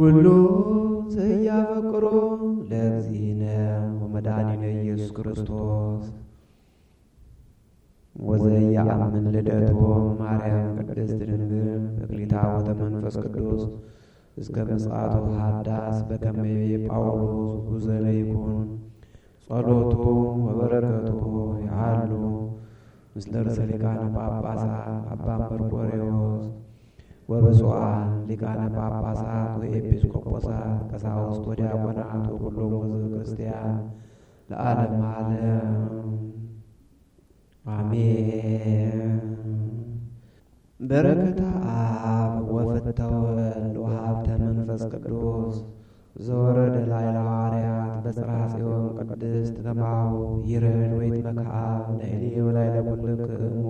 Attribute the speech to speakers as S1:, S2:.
S1: ሁሉ
S2: ዘያፈቅሮ
S1: ለእግዚእነ ወመድኃኒነ ኢየሱስ ክርስቶስ ወዘያአምን ልደቶ ማርያም ቅድስት ድንግል ወተ መንፈስ ቅዱስ እስከ ምጽአቱ ሃዳስ በከመይ ጳውሎስ ጉዘለ ይኩን ጸሎቱ ወበረከቱ ያሉ ምስለ ርእሰ ሊቃነ ጳጳሳት አባ መርቆሬዎስ ወብፁዓን ሊቃነ ጳጳሳት ወኤጲስቆጶሳት ቀሳውስት ወዲያቆናት ወኩሎሙ ሕዝበ ክርስቲያን ለዓለመ ዓለም አሜን። በረከተ አብ ወፍትሐ ወልድ ወሀብተ መንፈስ ቅዱስ ዘወረደ ላይ ሐዋርያት በጽርሐ ጽዮን ቅድስት
S3: ለማው ይረድ ወይትመክዓ ለእኔ ወላዕለ ኩልክሙ